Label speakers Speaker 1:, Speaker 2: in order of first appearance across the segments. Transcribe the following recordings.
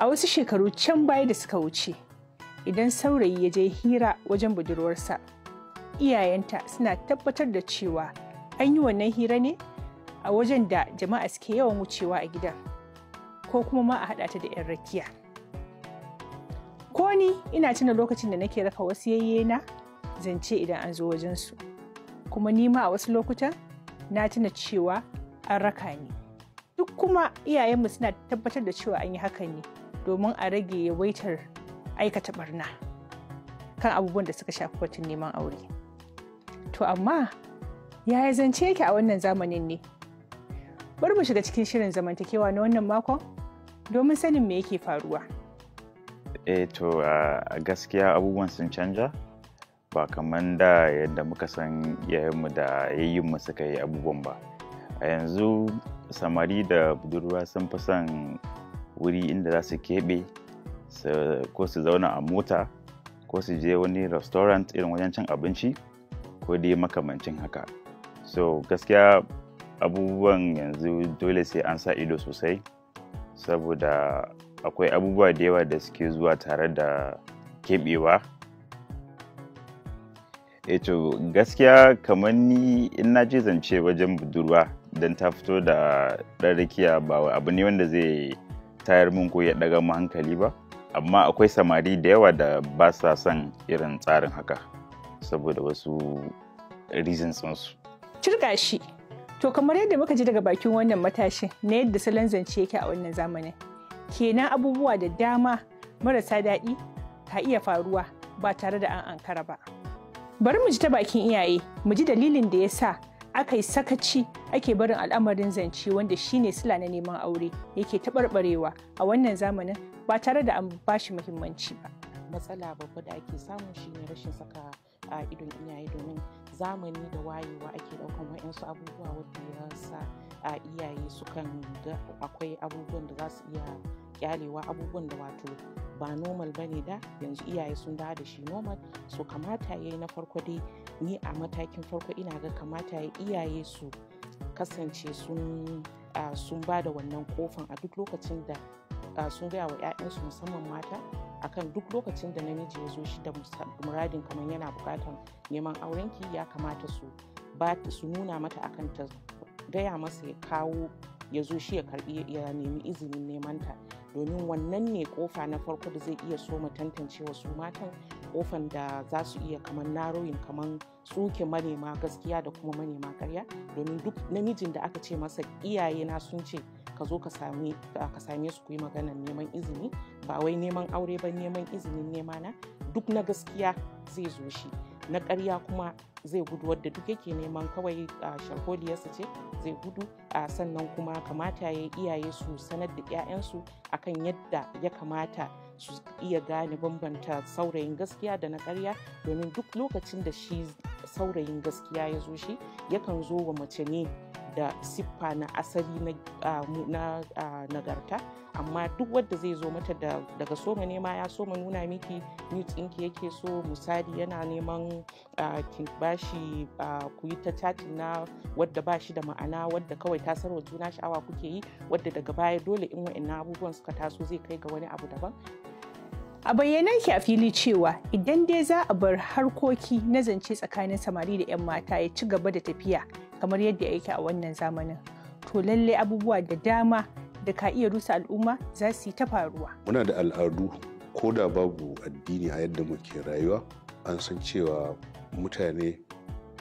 Speaker 1: a wasu shekaru can baya da suka wuce idan saurayi ya je hira wajen budurwarsa iyayenta suna tabbatar da cewa an yi wannan hira ne a wajen da jama'a suke yawan wucewa a gidan ko kuma ma a haɗa ta da 'yan rakiya ko ni ina tuna lokacin da nake raka wasu yayyena zance idan an zo wajensu kuma nima a wasu lokutan na tuna cewa an raka ni duk kuma iyayenmu suna tabbatar da cewa an yi hakan ne domin a rage yawaitar aikata barna kan abubuwan da suka shafi batun neman aure to amma yaya zance yake a wannan zamanin ne bari mu shiga cikin shirin zamantakewa na wannan makon domin sanin me yake faruwa
Speaker 2: E, to a gaskiya abubuwan sun canja ba kamar da yadda muka san yayinmu da mu suka yi abubuwan ba a yanzu samari da budurwa sun fi son wuri inda za su keɓe ko su zauna a mota ko su je wani restaurant irin wajen cin abinci ko dai makamancin haka so gaskiya abubuwan yanzu dole sai an sa ido sosai saboda akwai abubuwa da yawa da suke zuwa tare da keɓewa eto eh gaskiya kamar ni in na je zance wajen budurwa don ta fito da ɗan ba abu ne wanda zai tayar min ko ya daga mu hankali ba amma akwai samari da yawa da ba sa son irin tsarin haka saboda wasu reasons su.
Speaker 1: Cirga shi to kamar yadda muka ji daga bakin wannan matashi na yadda salon zance yake a wannan zamanin kenan abubuwa da dama marasa daɗi ka iya faruwa ba tare da an ankara ba. Bari mu ji ta bakin iyaye mu ji dalilin da ya sa aka yi sakaci ake barin al'amarin zance wanda shine sila na neman aure yake taɓarɓarewa a wannan zamanin ba tare da an bashi muhimmanci ba
Speaker 3: matsala babba da ake samu shine rashin saka a idon iyaye domin zamani da wayewa ake ɗaukan wayansu abubuwa wadda ya sa a iyaye sukan ga akwai abubuwan da za su iya kyalewa abubuwan da wato ba normal ba ne da yanzu iyaye sun dawo da shi normal so kamata ya yi na farko dai ni a matakin farko ina ga kamata ya iyaye su kasance sun sun ba da wannan kofan a duk lokacin da sun gaya wa 'ya'yansu musamman mata akan duk lokacin da namiji ya zo shi da muradin kamar yana bukatan neman aurenki ya kamata su su nuna mata akan ta gaya masa ya kawo ya zo shi ya karbi ya nemi izinin nemanta domin wannan ne kofa na farko da zai iya so mu tantancewa su matan kofan da za su iya kamar naroyin kamar tsuke manema gaskiya da kuma manema karya domin duk namijin da aka ce masa iyaye na sun ce ka zo ka same su kuyi magana neman izini ba wai neman aure ba neman izinin nema na duk na gaskiya zai zo shi na karya kuma zai gudu wadda duk yake neman kawai a sharholiyarsa ce zai gudu a sannan kuma kamata ya iyaye su sanar da 'ya'yansu akan yadda ya kamata su iya gane bambanta saurayin gaskiya da na karya domin duk lokacin da shi saurayin gaskiya ya zo shi yakan zo wa mace ne da siffa na asali na nagarta amma duk wadda zai zo mata daga soma nema ya soma nuna miki newt inki yake so musadi yana neman ki bashi ku yi ta chatting na wadda ba shi da ma'ana wadda kawai ta tasarwa juna sha'awa kuke yi wadda daga baya dole in wa'annan abubuwan suka taso zai kai ga wani abu daban
Speaker 1: A bayyana ki a fili cewa idan dai za a bar harkoki na zance tsakanin samari da 'yan mata ya ci gaba da tafiya kamar yadda yake a wannan zamanin. To lallai abubuwa da dama da ka iya rusa al'umma za su yi ta faruwa.
Speaker 4: Muna da al'adu ko da babu addini a yadda muke rayuwa an san cewa mutane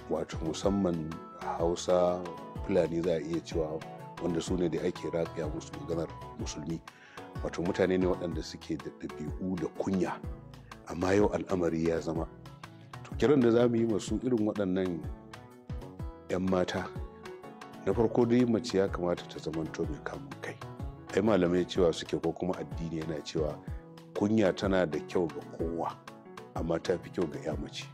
Speaker 4: wato musamman hausa fulani za a iya cewa wanda su ne da ake rafiya musu maganar musulmi wato mutane ne waɗanda suke da ɗabi'u da kunya amma yau al'amari ya zama to kiran da za mu yi masu irin waɗannan 'yan mata na farko dai mace ya kamata ta zamanto mai kamun kai ai malamai cewa suke ko kuma addini yana cewa kunya tana da kyau ga kowa amma ta fi kyau ga 'ya mace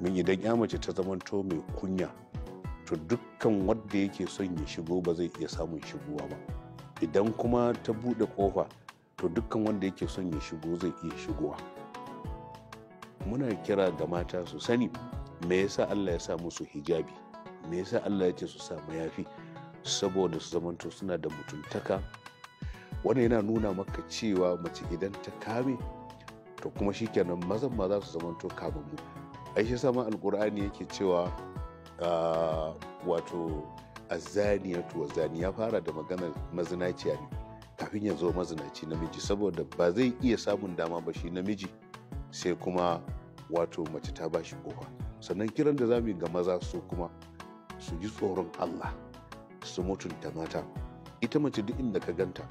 Speaker 4: domin idan 'ya mace ta zamanto mai kunya to dukkan wanda yake son ya shigo ba zai iya samun shigowa ba idan kuma ta buɗe ƙofa to dukkan wanda yake son ya shigo zai iya shigowa muna kira ga mata su sani me yasa Allah ya sa musu hijabi me yasa Allah ya ce su sa mayafi saboda su zamanto suna da mutuntaka wannan yana nuna maka cewa mace idan ta kame to kuma shikenan mazan ma za su zamanto kamammu ai shi sama alkur'ani yake cewa ah, wato azaniya to zani ya fara da maganar mazinaciya ne kafin ya zo mazinaci namiji saboda ba zai iya samun dama ba shi namiji sai kuma wato mace ta ba shi kofa sannan kiran da zamu yi ga maza su kuma su ji tsoron Allah su mutunta mata ita mace duk inda ka ganta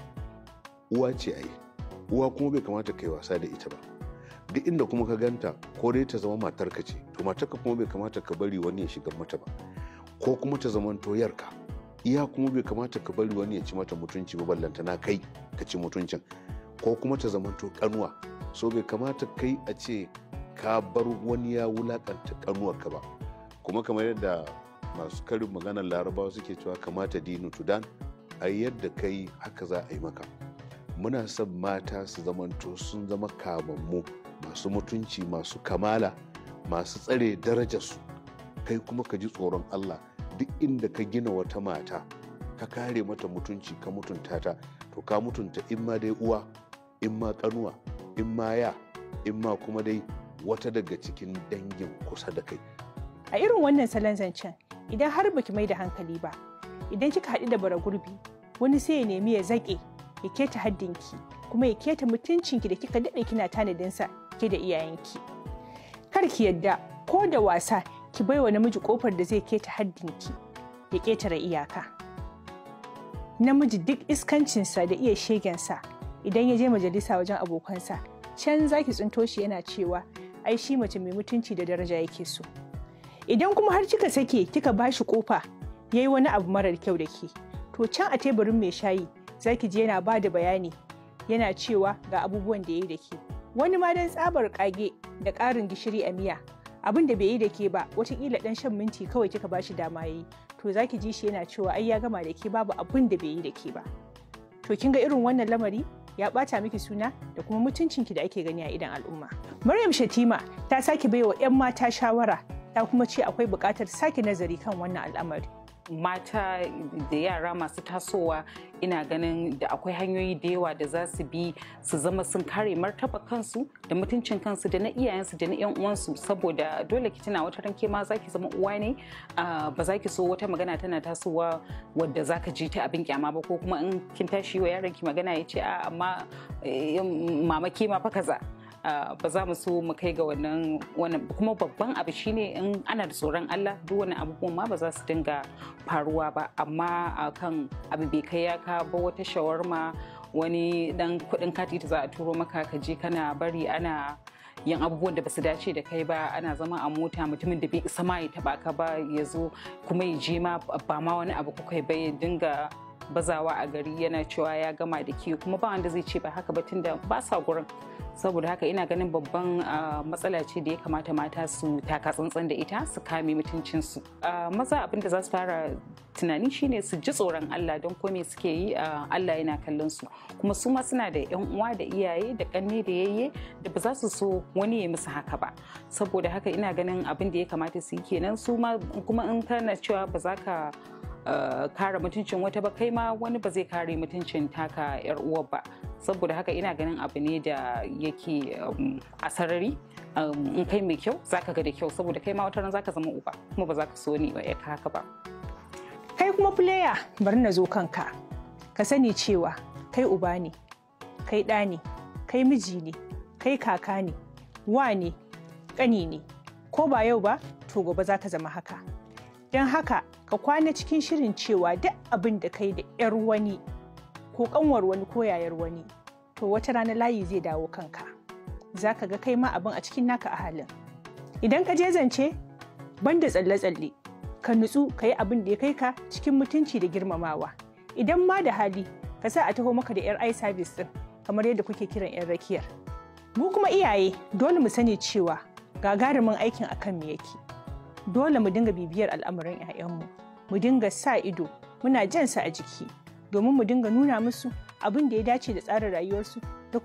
Speaker 4: uwa ce ai uwa kuma bai kamata kai wasa da ita ba duk inda kuma ka ganta ko dai ta zama matarka ce to matarka kuma bai kamata ka bari wani ya shiga mata ba ko kuma ta zamanto yarka iya kuma bai kamata ka bari wani ya ci mata mutunci ba ballantana kai ka ci mutuncin ko kuma ta zamanto kanuwa so bai kamata kai a ce ka bar wani ya wulakanta kanuwarka ba kuma kamar yadda masu karin maganar larabawa suke cewa kamata dinu dan a yadda kai haka za a yi maka muna son mata su zamanto sun zama kamammu masu mutunci masu kamala masu tsare darajarsu kai kuma ka ji tsoron Allah duk inda ka gina wata mata ka kare mata mutunci ka mutunta ta to ka mutunta in ma dai uwa in ma kanuwa in ma ya in ma kuma dai wata daga cikin dangin kusa da kai
Speaker 1: a irin wannan salon zancen idan har baki mai da hankali ba idan kika haɗu da bara gurbi wani sai ya nemi ya zaƙe ya keta haddinki kuma ya keta mutuncinki da kika daɗe kina tanadinsa ke da iyayenki kar ki yadda ko da wasa ki bai wa namiji kofar da zai keta haddinki ya ketare iyaka namiji duk iskancinsa da iya shegensa idan ya je majalisa wajen abokansa can zaki tsinto shi yana cewa ai shi mace mai mutunci da daraja yake so idan kuma har kika sake kika bashi kofa yayi wani abu marar kyau da ke to can a teburin mai shayi zaki je yana ba da bayani yana cewa ga abubuwan da ya yi da ke wani ma dan tsabar kage da ƙarin gishiri a miya abin da bai yi da ke ba watakila dan shan minti kawai kika bashi dama yi to zaki ji shi yana cewa ai ya gama da ke babu abin da bai yi da ke ba to kin ga irin wannan lamari ya bata miki suna da kuma mutuncin ki da ake gani a idan al'umma maryam shatima ta sake baiwa 'yan mata shawara ta kuma ce akwai bukatar sake nazari kan wannan al'amari
Speaker 5: mata da yara masu tasowa ina ganin da akwai hanyoyi da yawa da za su bi su zama sun kare martaba kansu da mutuncin kansu da na iyayensu da na yan uwansu saboda dole ki tana wata ranke ma zaki zama uwa ne ba za ki so wata magana tana tasowa wadda za ka ji ta abin kyama ba ko kuma in kin tashi wa yaron ki magana ya ce a amma eh, mama kima ma fa kaza ba za mu so mu kai ga wannan wannan kuma babban abu shine in ana da tsoron Allah duk wani abubuwan ma ba za su dinga faruwa ba amma akan abu bai kai ya ka ba wata shawarma wani dan kudin kati ta za a turo maka ka je kana bari ana yin abubuwan da basu dace da kai ba ana zama a mota mutumin da bai isa ya taba ka ba ya zo kuma ya je ma ba ma wani abu kuka bai ya dinga bazawa a gari yana cewa ya gama da ke kuma ba wanda zai ce ba haka ba tunda ba sa gurin saboda haka ina ganin babban ah, matsala ce da ya kamata mata su taka tsantsan da ita su kame mutuncinsu ah, maza abin da za su fara tunani shine su ji tsoron Allah don kome suke yi ah, Allah yana kallon su kuma su ma suna da yan uwa da iyaye da kanne da yayye da ba za su so wani ya musu haka ba saboda haka ina ganin abin da ya kamata su yi kenan su ma kuma in kana cewa ba za ka Eh, kare mutuncin wata ba kai ma wani ba zai kare mutuncin taka yar uwa ba saboda haka ina ganin abu ne da yake um, a sarari um, in kai mai kyau zaka ga da kyau saboda kai ma wata ran zaka zama uba kuma ba za ka so ni ba ya haka ba
Speaker 1: kai kuma player bari na zo kanka ka sani cewa kai uba ne kai ɗa ne kai miji ne kai kaka ne wa ne ƙani ne ko ba yau ba to gobe za ka zama haka don haka ka kwana cikin shirin cewa duk abin da kai da 'yar wani ko kanwar wani ko yayar wani to wata rana layi zai dawo kanka za ka ga kai ma abin a cikin naka a halin idan ka je zance da tsalle-tsalle ka nutsu ka yi abin da ya kai ka cikin mutunci da girmamawa idan ma da hali ka sa a taho maka da 'yar service din kamar yadda kuke kiran 'yar rakiyar mu kuma iyaye dole mu sani cewa gagarumin aikin akan me yake dole mu dinga bibiyar al'amuran 'ya'yanmu mu dinga sa ido muna jansa a jiki domin mu dinga nuna musu abin da ya dace da tsarin rayuwarsu